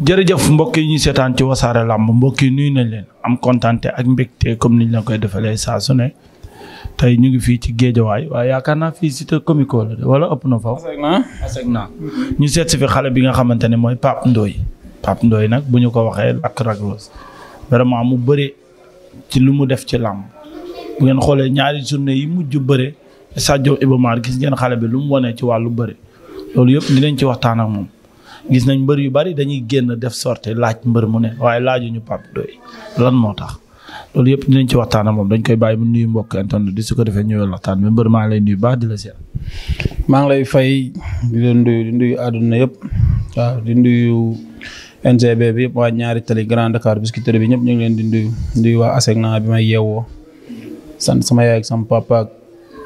jërëjëf mbokk yi ñu seetaan ci wasaare làmb mbokk yi nuyu nañ leen am kontante ak mbégte comme niñ la koy defalee saa su ne tey ñu ngi fii ci géejawaay waaye yaakaar naa fii Cité Comico la de wala ëpp na fa. aseg naa ñu seet si fi xale bi nga xamante ne mooy Pape Ndoye Pape Ndoye nag bu ñu ko waxee ak raglos vraiment mu bëri ci lu mu def ci làmb bu ngeen xoolee ñaari journée yi mujj bëre Sadio Ibomar gis ngeen xale bi lu mu wonee ci wàllu bëri loolu yëpp dinañ ci waxtaan ak moom. gis nañ mbër yu bari dañuy génn def sorte laaj mbër mu ne waaye laaj laajuñu Pape Ndoye lan moo tax loolu yëpp dinañ ci waxtaan ak moom dañ koy bàyyi mu nuyu mbokk internet di su ko defee ñëwee waxtaan bi mbër maa ngi lay nuyu maa ngi lay fay di àdduna yëpp waaw di nuyu NGB bi waa ñaari tali Grand Dakar Biscuiterie bi ñëpp ñu ngi leen di nuyu nuyu waa naa bi may yeewoo sant sama yaay sama papa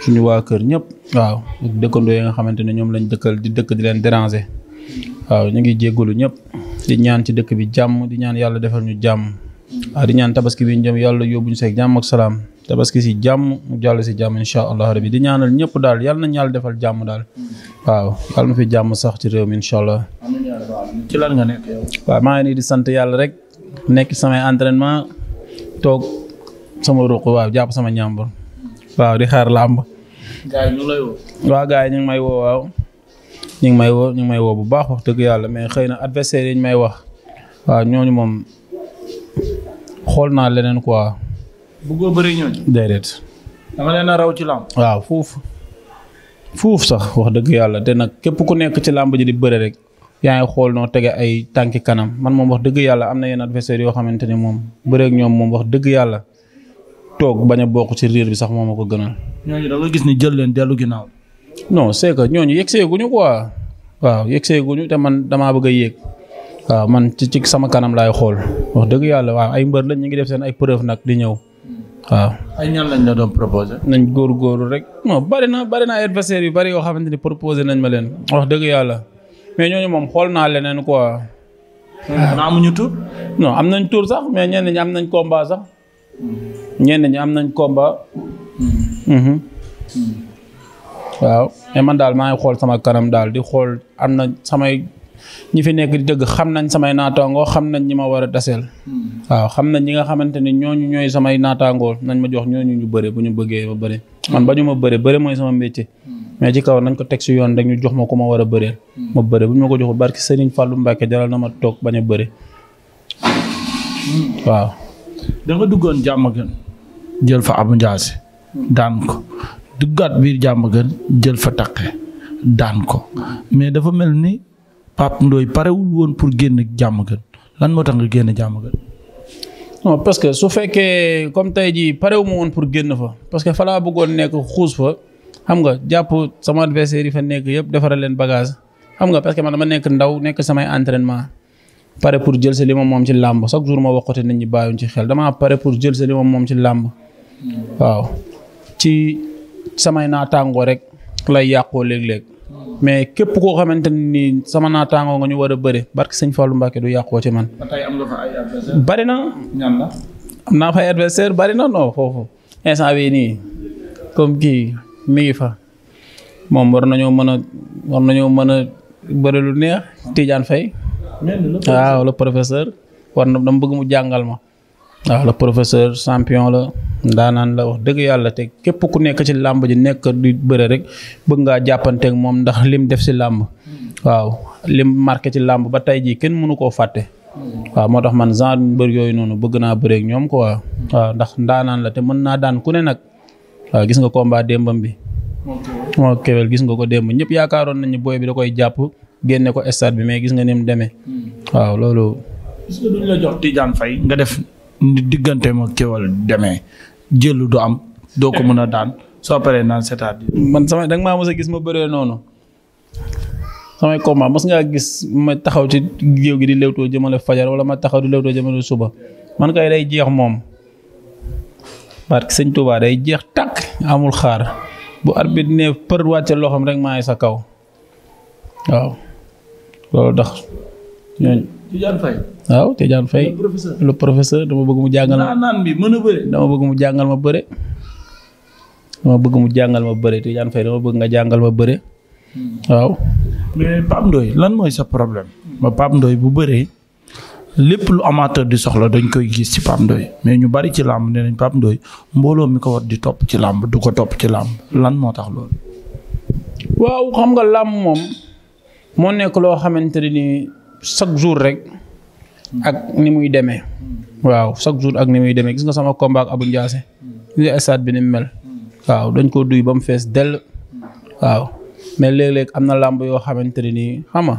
suñu waa kër ñëpp. waaw dëkkandoo yi nga xamante ne ñoom lañ dëkkal di dëkk di leen déranger waaw ñu ngi jéggalu ñëpp di ñaan ci dëkk bi jàmm di ñaan yàlla defal ñu jàmm waaw di ñaan tabaski bi ñu ñoom yàlla yóbbu ñu seeg jàmm ak salaam tabaski si jàmm mu jàll si jàmm incha allah rabbi di ñaanal ñëpp daal yàlla nañ yàlla defal jàmm daal waaw yàlla na fi jàmm sax ci réew mi incha allah. ci lan nga nekk waaw maa ngi nii di sant yàlla rek nekk samay entraînement toog sama ruq waaw jàpp sama ñàmbur waaw di xaar làmb. gars yi yi ñu may woo ñu ngi may woo ñu ngi may woo bu baax wax dëgg yàlla mais xëy na adversaire yi ñu may wax waaw ñooñu moom xool naa leneen quoi. bëggoo bëri ñooñu. déedéet. dama leen a raw ci waaw foofu foofu sax wax dëgg yàlla de nag képp ku nekk ci làmb ji di bëre rek. yaa ngi xool noo tege ay tànki kanam man moom wax dëgg yàlla am na yenn adversaire yoo xamante ni moom bëreeg ñoom moom wax dëgg yàlla toog bañ a bokk ci riir bi sax moom a ko gënal. non c'est que ñooñu gu ñu quoi waaw yegsee ñu te man damaa bëgg a yéeg waaw man ci ci sama kanam laay xool wax dëgg yàlla waaw ay mbër lañ ñu ngi def seen ay preuve nag di ñëw waaw. ay ñan lañ la doon proposé. nañ góorgóorlu rek bari na bari na ay adversaires bari yoo xamante ni proposé nañ ma leen wax dëgg yàlla mais ñooñu moom xool naa leneen quoi. xanaa amuñu tur. non am nañ tur sax mais ñenn ñi am nañ combat sax. ñenn hmm. ñi am nañ combat. Hmm. Mhm. Hmm. waaw mais man daal maa xool sama kanam daal di xool am na samay ñi fi nekk di dëgg xam nañ samay naataangoo xam nañ ñi ma war a daseel. Hmm. waaw xam nañ ñi nga xamante ne ñooñu ñooy samay naataangoo nañ ma jox ñooñu ñu bëre bu ñu bëggee ba bëre. man ba ñu ma bëre bëre mooy sama métier. Hmm. mais ci kaw nañ ko teg si yoon rek ñu jox ma ku ma war a bëreel. Hmm. ma bëre bu ñu ma ko joxul barki Serigne Fallou Mbacke jaral na ma toog bañ a bëre. waaw. da duggoon jàmm gën jël fa Abou Ndiassé daan ko duggaat biir jàmm gën jël fa taqe daan ko mais dafa mel ni Pape Ndoye parewul woon pour génn jàmm gën lan moo tax nga génn jàmm gën. non parce que su fekkee comme tey jii parewu ma woon pour génn fa parce que fa laa bëggoon nekk xuus fa xam nga jàpp sama adversaire yi fa nekk yëpp defaral leen bagage xam nga parce que man dama nekk ndaw nekk samay entraînement. pare pour jël sa li ma moom ci làmb chaque jour ma waxote nañ ñi bàyyuñ ci xel damaa pare pour jël sa li ma moom ci làmb waaw samay naataangoo rek lay yàqoo léeg-léeg mais képp koo xamante nii sama naataangoo nga ñu war a bëre barke sëñ Fallou Mbacke du yàqoo ci man. ba am bari na. ñaan naa fa ay adversaire bari na non foofu instant bii nii comme kii mi fa moom war nañoo mën a war nañoo mën a bëri lu neex Tidiane Faye. waaw le professeur war na dama bëgg mu jàngal ma. waaw la professeur champion la ndaanaan la wax dëgg yàlla te képp ku nekk ci làmb ji nekk di bëre rek bëgg ngaa jàppanteeg moom ndax lim def si làmb waaw lim marke ci làmb ba tey ji kenn mënu koo fàtte. waaw moo tax man genre mbër yooyu noonu bëgg naa bëreeg ñoom ko waaw ndax ndaanaan la te mën naa daan ku ne nag waaw gis nga combat démbam bi. moo kewel gis nga ko démb ñëpp yaakaaroon nañu booy bi da koy jàpp génne ko stade bi mais gis nga ni mu ni digganteem ak Keweul demee jëlu du am doo ko mën a daan soo paree naan cest à man sama da maa mos a gis ma bëree noonu samay combat mos ngaa gis ma taxaw ci géew gi di lewtoo jëmale fajar wala ma taxaw di lewtoo jëmale suba man kay day jeex moom barke sëñ Touba day jeex tàkk amul xaar bu arbitre ne për wàcce loxoom rek maa ngi sa kaw waaw loolu tax Tidiane Faye. waaw Tidiane Faye. le professeur dama bëgg mu jàngal. naan naan a bëre. dama bëgg mu jàngal ma bëre. dama bëgg mu jàngal ma bëre Tidiane Faye dama bëgg nga jàngal ma bëre. Hmm. waaw. mais Pape Ndoye lan mooy sa problème. ba Pape ndooy bu bëree. lépp lu amateur di soxla dañ koy gis ci Pape Ndoye mais ñu bari ci làmb nee nañ Pape Ndoye mbooloo mi ko war di topp ci làmb du ko topp ci làmb lan moo tax loolu. waaw xam nga làmb moom moo nekk loo xamante ni. chaque jour rek ak ni muy demee waaw chaque jour ak ni muy demee gis nga sama combat ak Abou Ndiassé li stade bi ni mu mel waaw dañ koo duy ba mu fees dell waaw mais léeg-léeg am na làmb yoo xamante ne nii xam nga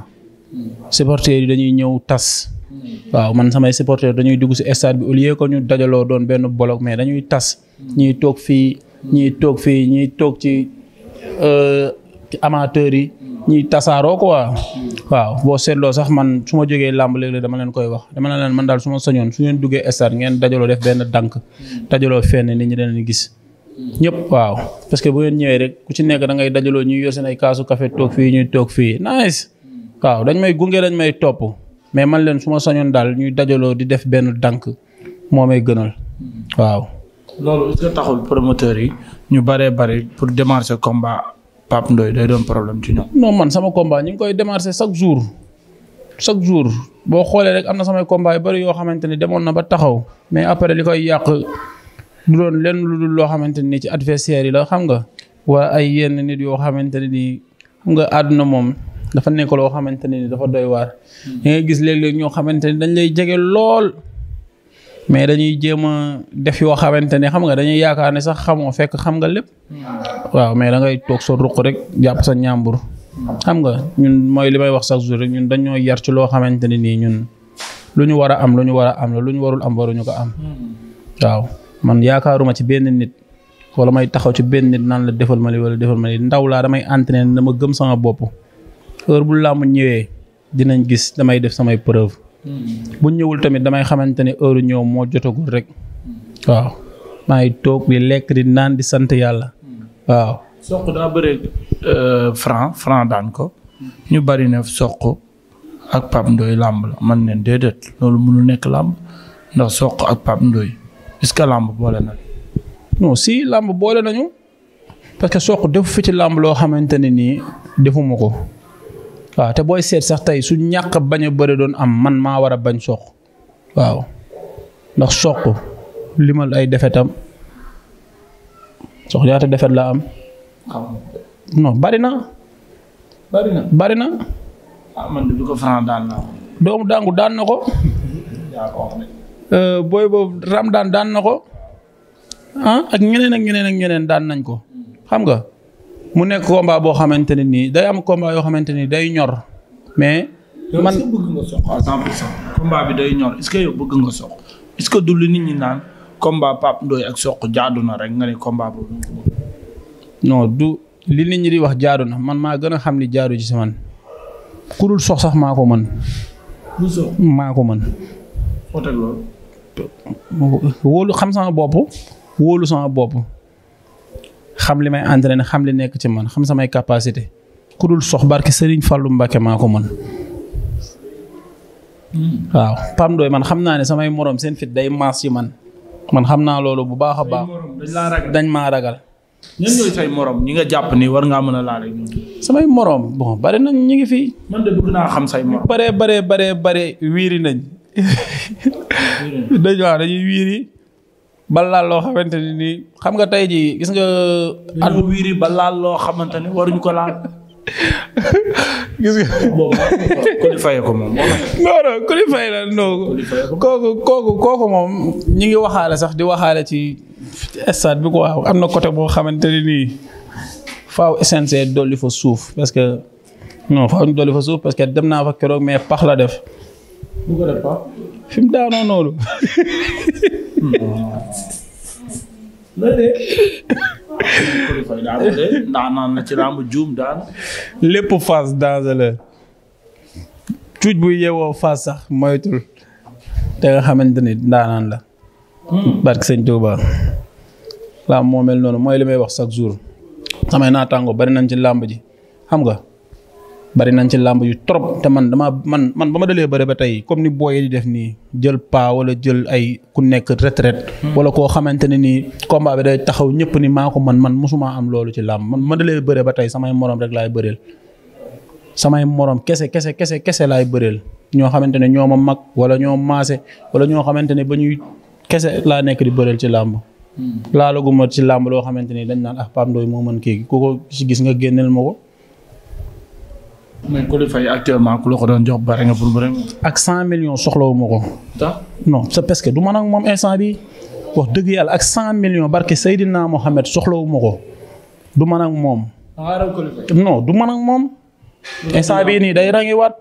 yi dañuy ñëw tas. waaw man samay supporters dañuy dugg si stade bi au ko que ñu dajaloo doon benn bloc mais dañuy tas ñuy toog fii ñuy toog fii ñuy toog euh, ci amateurs yi. ñuy tasaaroo quoi waaw boo seetloo sax man su ma jógee làmb léeg-léeg dama leen koy wax dama leen man daal su ma soñoon su ngeen duggee stade ngeen dajaloo def benn dànk dajaloo fenn nit ñi danañ gis. ñëpp waaw parce que bu ngeen ñëwee rek ku ci nekk da ngay dajaloo ñuy yor seen ay kaasu café fii ñuy toog fii nice waaw dañ may gunge dañ may topp mais man leen su ma soñoon daal ñuy dajaloo di def benn dànk moo may gënal waaw. loolu est-ce que taxul promoteur yi ñu baree bari pour démarrer combat. Pape Ndoye day doon problème ci ñoom. non man sama combat ñu ngi koy démarrer chaque jour chaque jour boo xoolee rek am na samay combat yu bari yoo xamante ni demoon na ba taxaw mais après li koy yàq du doon lenn lu dul loo xamante ni ci adversaire yi la xam nga. waa ay yenn nit yoo xamante ne nii xam nga àdduna moom dafa nekk loo xamante ne nii dafa doy waar. Hmm. da ngay gis léeg-léeg ñoo xamante dañ lay jege lool. mais dañuy jéem a def yoo xamante ne xam nga dañuy yaakaar ne sax xamoo fekk xam nga lépp. waaw mais dangay ngay toog sa ruq rek jàpp sa ñaambur. xam nga ñun mooy li may wax chaque jour rek ñun dañoo yar ci loo xamante ne nii ñun lu ñu war a am lu ñu war a am la lu ñu warul am waruñu ko am. waaw man yaakaaruma ci benn nit walla may taxaw ci benn nit naan la defal ma li wala defal ma li ndaw laa damay entraîné dama gëm sama bopp heure bu làmb ñëwee dinañ gis damay def samay preuve. bu ñëwul tamit damay xamante ne heure ñëw moo jotagul rek waaw maa ngi toog bi lekk di naan di sant yàlla waaw. soq daa bëre euh, franc franc daan ko ñu bari ne soq ak Pape Ndoye làmb la man ne déedéet loolu mënul nekk làmb ndax soq ak Pape Ndoye est-ce que làmb boole na. non si làmb boole nañu parce que soq defu fi ci làmb loo xamante ne nii defuma ko. waaw te booy seet sax tey su ñàkk bañ a bëri doon am man maa war a bañ soq waaw ndax soq limal ay defetam sox ñaata defet la am. Ah, non bari na. bari na bari na. ah man doomu daangu daan na ko. Euh, booy boobu Ramdaan daan na ko. ah ak ñeneen ak ñeneen ak ñeneen daan nañ ko xam nga. mu nekk combat boo xamante ne nii day am combat yoo xamante ni day ñor mais. man est bi day ñor est-ce que yow bëgg nga soq est-ce du lu nit ñi naan combat Pape ak soq jaadu na rek nga ne combat boobu. non du li nit ñi di wax jaadu na man maa gën a xam ni jaadu ci si man sox sax maa ko mën. lu sox maa ko mën. foo wóolu xam sama bopp wóolu sama bopp. xam li may entraîné xam li nekk ci man xam samay capacité ku dul sox barke Serigne falu Mbacke maa ko mën waaw Pam dooy man xam naa ne samay moroom seen fit day maas ci man man xam naa loolu bu baax a baax. dañ maa ragal. ñun ñooy say morom ñi nga jàpp ni war ngaa mën a laal samay morom bon bari nañ ñu ngi fi. man de bëgg naa xam say bare bare bare bare wiiri nañ. dañ waaw dañuy wiiri. balaal loo xamante ni nii xam nga tey jii gis nga. at mu wiiri balaal loo xamante ni waruñu ko laal. gis nga. boobu Coly ko moom. non kooku kooku moom ñi ngi waxaale sax di waxaale ci stade bi quoi am na côté boo xamante ni nii faaw SNC dolli fa suuf parce que non faaw ñu dolli fa suuf parce que dem naa fa keroog mais pax la def. bu ko noonu. léeg-léeg. ci làmb juum daan. lépp Fass danger la. cuuj bu yeewoo Fass sax moytul. te nga xamante ni ndaanaan la. barke seen Touba. làmb moo mel noonu mooy li may wax chaque jour. naa tàngoo bari nañ ci làmb ji xam nga. bari nañ ci làmb yu trop te man dama man man ba ma dalee bëri ba tey comme ni booy di def nii jël paa wala jël ay ku nekk retraite hmm. wala koo xamante ne nii combat bi day taxaw ñëpp ni maa ko man man mosuma am loolu ci làmb man ma dalee bëri ba tey samay morom rek laay bëreel samay morom kese kese kese kese laay bëreel ñoo xamante ne ñoo ma mag wala ñoo maase wala ñoo xamante ne ba ñuy kese laa nekk di bëreel ci làmb hmm. laalagu ma ci làmb loo xamante ni dañ naan ah Pape Ndoye moo mën kii ku ko gis nga génneel ma ko mais ku li fay actuellement ku la ko doon jox bare nga ak cent millions soxlawu ma ko. non c'est parce que du man ak moom instant bi wax dëgg yàlla ak cent millions barke Seydina Mohamed soxlawu ma ko du man ak moom. Ah, non du man ak moom. instant bii nii day rangiwaat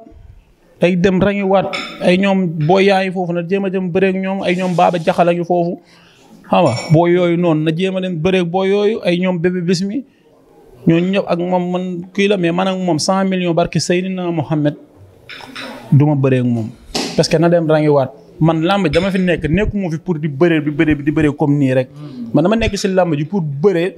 ay dem rangiwaat ay ñoom boo yaay foofu na jéem a jëm bëreeg ñoom ay ñoom baaba jaxala ngi foofu xam nga boo yooyu noonu na jéem a leen bëreeg boo yooyu ay ñoom bébé bismi ñooñu ñëw ak moom man kii la mais man ak moom cent millions barki Seydina Mohamed du ma bëree ak moom. parce que na dem rangiwaat man làmb dama fi nekk nekkuma fi pour di bëree di bëree di bëree comme nii rek man dama nekk si làmb ji pour bëree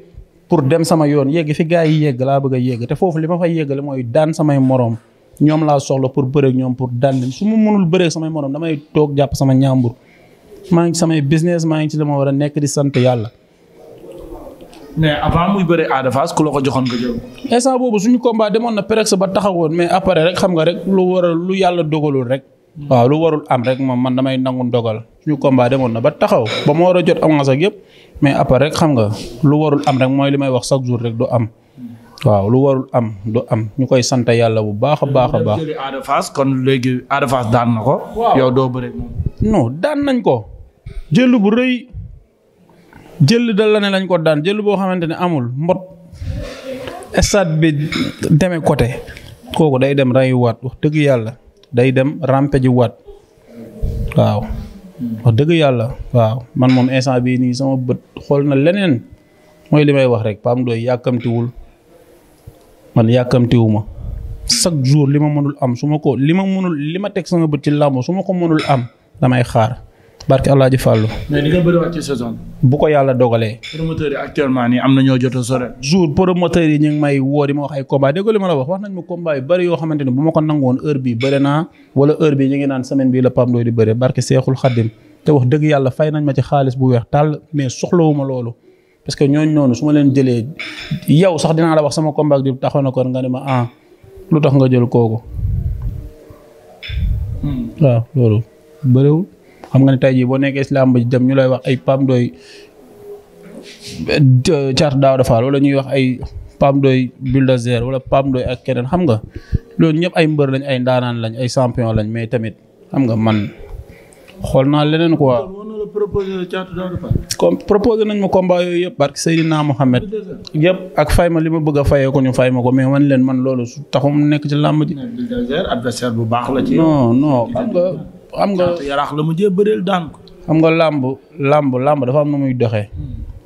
pour dem sama yoon yegg fi gars yi yegg laa bëgg a te foofu li ma fay yeggale mooy daan samay moroom ñoom laa soxla pour bëreeg ñoom pour daan su ma mënul bëreeg samay moroom damay toog jàpp sama ñaambur maa ngi samay business maa ngi ci dama ma war a nekk di sant yàlla. mais avant muy bëre Ada Fass ku la ko joxoon nga jël. instant boobu suñu combat demoon na presque ba taxawoon mais après rek xam nga rek lu waral lu yàlla dogalul rek. waaw lu warul am rek moom man damay nangu ndogal suñu combat demoon na ba taxaw ba ma war a jot avance ak yëpp mais après rek xam nga lu warul am rek mooy li may wax chaque jour rek du am. waaw lu warul am du am ñu koy sant yàlla bu baax a baax a baax. Ada Fass kon léegi Ada Fass daan na ko. yow doo bëre. non daan nañ ko. jël bu rëy. jël dal la ne lañ ko daan jël boo xamante ne amul mbot stade bi demee côté kooku day dem rayuwaat wax dëgg yàlla day dem rampe waat waaw. wax dëgg yàlla waaw man moom instant bii nii sama bët xool na leneen mooy li may wax rek Pape dooy yàkkamtiwul man yàkkamtiwuma chaque jour li ma mënul am su ma ko li ma mënul li ma teg sama bët ci làmb su ma ko mënul am damay xaar. barke El Hadj Fallou. mais di nga bëriwaat ci saison bu ko yàlla dogalee. promoteurs yi actuellement nii am na ñoo jot a sore. jour promoteurs yi ñu ngi may woo di ma wax ay combat dégg li ma la wax wax nañ ma combat yu yoo xamante ne bu ma ko nangoon heure bi bëri naa wala heure bi ñu ngi naan semaine bii la Pape Ndoye di bëre barke Seexul Xaddim te wax dëgg yàlla fay nañ ma ci xaalis bu weex tàll mais soxlawuma loolu. parce que ñooñu noonu su ma leen jëlee yow sax dinaa la wax sama combat di taxaw na kon nga ne ma ah nga jël kooku. Hmm. xam nga ne tey jii boo nekkee si làmb dem ñu lay wax ay Pape Ndoye Thiatou Daouda Fall wala ñuy wax ay Pape Ndoye Bulldozer wala Pape Ndoye ak keneen xam nga loolu ñëpp ay mbër lañ ay ndaanaan lañ ay champion lañ mais tamit xam nga man xool naa leneen quoi. comme proposé nañ ma combat yooyu yëpp barke Seydina Mohamed yëpp ak fay ma li ma bëgg a fayee ko ñu fay ma ko mais man leen man loolu su taxum nekk ci làmb ji. bu baax la ci. non non am nga yaraax la mu jee bëreel daan ko. xam nga làmb làmb làmb dafa am na muy doxe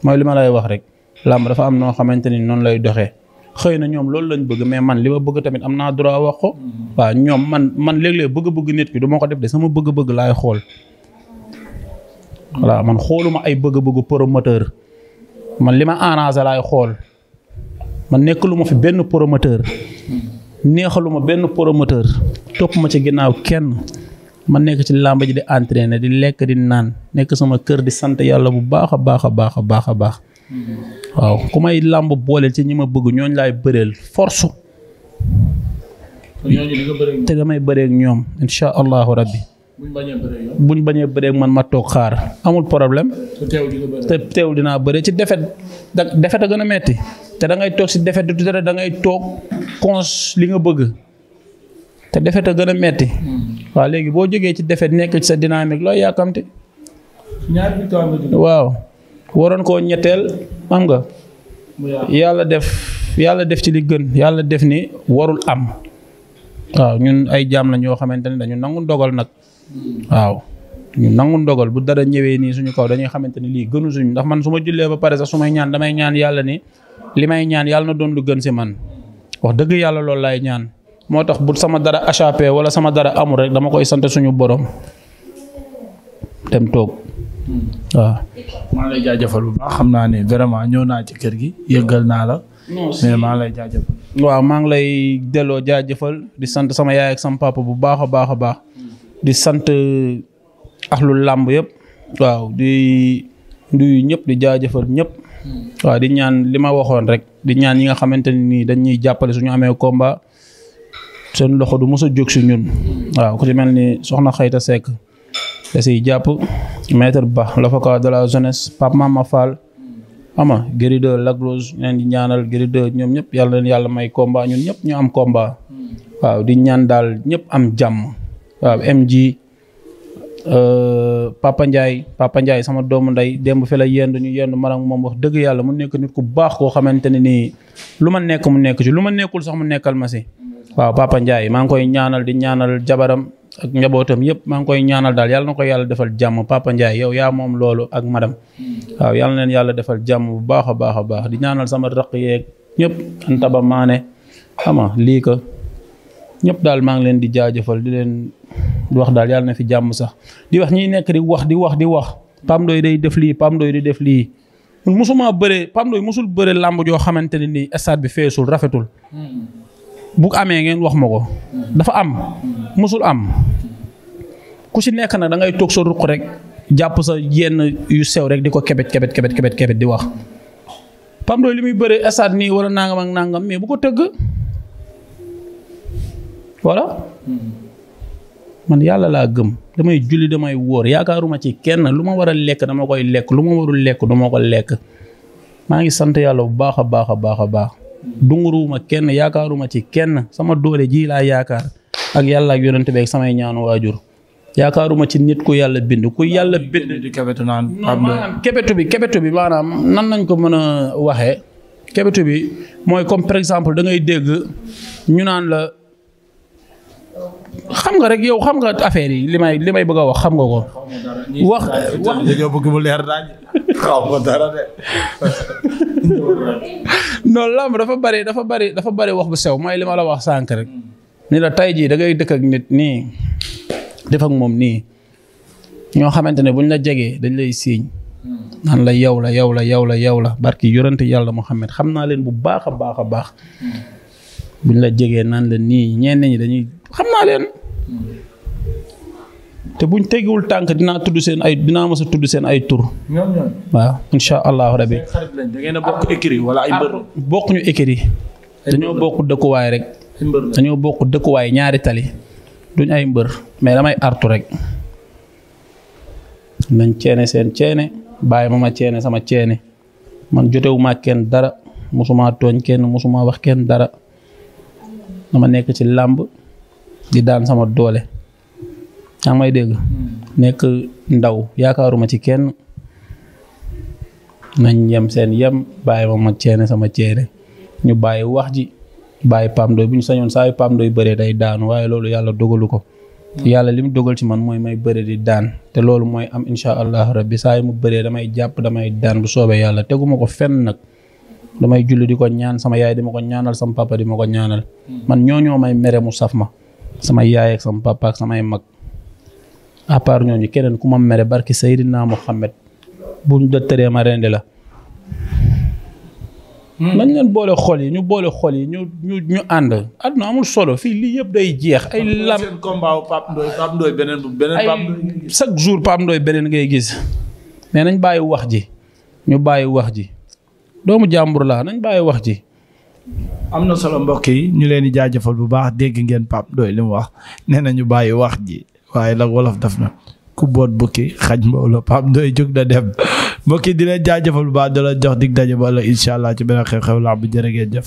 mooy li ma lay wax rek. làmb dafa am noo xamante ni noonu lay doxee. xëy na ñoom loolu lañ bëgg mais man li ma bëgg tamit am naa droit wax ko. waa ñoom man man léeg bëgg-bëgg nit ki du ma ko def de sama bëgg-bëgg laay xool. voilà man xooluma ay bëgg-bëggu promoteur. man li ma arrangé laay xool. man nekkaluma fi benn promoteur. neexaluma benn promoteur. topp ma ci ginnaaw kenn. ma nekk ci làmb ji di entraîner di lekk di naan nekk sama kër di sant yàlla bu baax a baax a baax a baax a baax. waaw ku may làmb booleel ci ñi ma bëgg ñooñu laay bëreel force. te damay bëree ñoom incha allahu rabbi. buñ bañee bëree man ma toog xaar amul problème. te teew dinaa bëree ci defet da defet a gën a metti te da ngay toog si defet du dara da ngay toog cons li nga bëgg te defet a gën a metti hmm. waaw léegi boo jógee ci defet nekk ci sa dynamique looy yàkkamti. waaw waroon koo ñetteel am nga. yàlla def yàlla def ci li gën yàlla def ni warul am. waaw ñun ay jaam la ñoo xamante ne dañu nangu ndogal nag. waaw ñu nangu ndogal bu dara ñëwee nii suñu kaw dañuy xamante ni lii gënu suñu ndax man su ma jullee ba pare sax su may ñaan damay ñaan yàlla ni li may ñaan yàlla na doon lu gën si man wax dëgg yàlla loolu laay ñaan. moo tax bu sama dara échappé wala sama dara amul rek dama koy sant suñu borom dem toog hmm. waa maa lay jaajëfal bu baax xam naa ne vraiment ñëw naa ci kër gi yëggal naa la. mais lay jaajëfal. waaw maa ngi lay delloo jaajëfal di sant sama yaay ak sama papa bu baax a baax baax hmm. di sant uh, axlu làmb yëpp. waaw di nuyu ñëpp di jaajëfal ñëpp. Hmm. waaw di ñaan li ma waxoon rek di ñaan yi nga xamante ne nii dañuy jàppale suñu amee komba seen loxo du mos a jóg si ñun waaw ku ci mel ni soxna Xayta Seck da siy jàpp maître Ba l'avocat de la jeunesse Pape Mama Fall ama Gris 2 Lac ñaanal Gris ñoom ñëpp yàlla yàlla may combat ñun ñëpp ñu am komba waaw di ñaan daal ñëpp am jàmm waaw MG euh, Papa njaay Papa Ndiaye sama doomu ndey démb fi la yendu ñu yendu man ak moom wax dëgg yàlla mu nekk nit ku baax koo xamante ne nii lu ma nekk mu nekk ci lu ma nekkul sax mu nekkal ma si waaw papa Ndiaye maa ngi koy ñaanal di ñaanal jabaram ak njabootam yëpp maa ngi koy ñaanal daal yàlla na ko yàlla defal jàmm papa Ndiaye yow yaa moom loolu ak madam waaw yàlla na leen yàlla defal jàmm bu baax a baax a baax di ñaanal sama raq yeeg ñëpp anta ba maane xama lii ko ñëpp daal maa ngi leen di jaajëfal di leen wax daal yàlla na fi jàmm sax di wax ñiy nekk di wax di wax di wax Pam Ndoye day def lii Pam Ndoye di def lii musuma bëre Pam Ndoye musul bëre làmb joo xamante ne nii stade bi feesul rafetul. bu amee ngeen wax ma ko dafa am mosul am ku ci nekk nag dangay ngay sa ruq rek jàpp sa jenn yu sew rek di ko kebet kebet kebet kebet kebet di wax. Pam Ndoy li muy bëree stade nii wala nangam ak nangam mais bu ko tëgg voilà. man yàlla laa gëm damay julli damay wóor yaakaaruma ci kenn lu ma war a lekk dama koy lekk lu ma warul lekk dama ko lekk maa ngi sant yàlla bu baax a baax a baax a baax. dunguruwuma kenn yaakaaruma ci kenn sama doole ji laa yaakaar ak yàlla ak yonent bi ak samay ñaanu waajur yaakaaruma ci nit ku yàlla bind ku yàlla bind di kebetu naan maanaam kebetu bi kebetu bi maanaam nan nañ ko mën a waxee kebetu bi mooy comme par exemple da ngay dégg ñu naan la xam nga rek yow xam nga affaire yi li may li may bëgg a wax xam nga ko wax wax bëgg dara de non lamb dafa bari dafa bari dafa bari wax bu sew mooy li ma la wax sànq rek. ni la tay jii dangay dëkk ak nit nii def moom nii ñoo xamante ne buñ la jegee dañ lay siiñ naan la yow la yow la yow la yow la barki yorante yàlla Muhammad xam naa leen bu baax a baax a baax buñ la jegee naan la nii ñenn ñi dañuy xam naa leen. te ñu teggiwul tànk dinaa tudd seen ay dinaa mës tudd seen ay tur. waa incha allahu rabi. da bokk écurie wala ay bokkuñu écurie dañoo bokk dëkkuwaay rek. dañoo bokk dëkkuwaay ñaari tali. duñ ay mbër mais damay artu rek. nañ ceene seen ceene bàyyi ma ma ceene sama ceene man jotewuma kenn dara mosuma tooñ kenn mosuma wax kenn dara dama nekk ci làmb di daan sama doole. yaa may dégg. Hmm. nekk ndaw yaakaaruma ci kenn nañ yem seen yem bàyyi ma mag ceene sama ceene ñu bàyyi wax ji bàyyi Pape Ndoye bu ñu sañoon saa yu Pape bëree day daanu waaye loolu yàlla dogalu ko. Hmm. yàlla li mu dogal ci man mooy may bëre di daan te loolu mooy am incha allah rabbi saay mu bëree damay jàpp damay daan bu soobee yàlla teguma ko fenn nag. damay julli di ko ñaan sama yaay di ma ko ñaanal sama papa di ma ko ñaanal. Hmm. man ñoo may mere mu saf ma. sama yaay ak ak samay mag. à part ñooñu keneen ku ma mere barki Seydina Mohamed buñ dottaree ma rendi la. Hmm. nañ leen boole xol yi ñu boole xol yi ñu ñu ñu ànd. àdduna amul solo fii lii yëpp day jeex. ay lam seen combat beneen beneen Pape Ndoye chaque jour Pape beneen ngay gis. mais nañ bàyyi wax ji ñu bàyyi wax ji doomu jàmbur laa nañ bàyyi wax ji. am na solo mbokk yi ñu leen di jaajëfal bu baax dégg ngeen Pape Ndoye li wax nee na ñu bàyyi wax ji. waaye nag wolof daf na ku boot bukki xaj mbooloo pam doy jóg na dem mbokki di leen jaajëfal bu baax jox dig daje ba incha allah ci beneen xew-xew laa bu jërë ngeen jëf